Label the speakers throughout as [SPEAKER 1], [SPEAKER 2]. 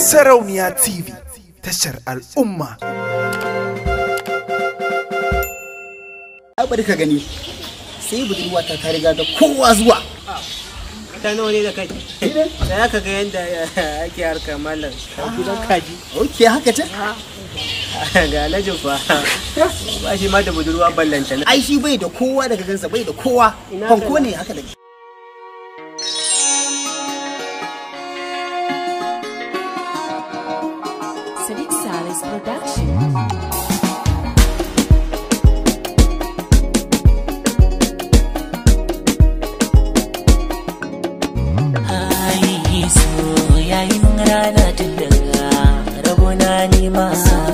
[SPEAKER 1] Sarauniya TV tashar al'umma. Bari ka gani sai budurwa ta riga da kowa zuwa. Ta nawa ne da kai? Da ka ga yadda ake harka malam gidan kaji. Ok haka ta? Ga alajin
[SPEAKER 2] fa ba shi ma da budurwa ballanta. Ai shi
[SPEAKER 1] bai da kowa daga gansa bai da kowa. Fanko ne haka daga. Paris Production. Yayin rana tun daga rabona nima.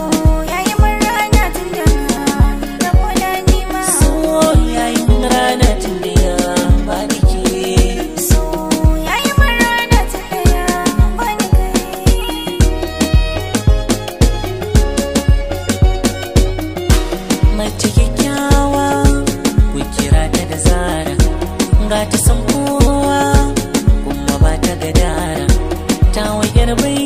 [SPEAKER 1] mace kyakkyawa ku kira ta da zara ga ta san kowa kuma ba ta gadara ta wayar bai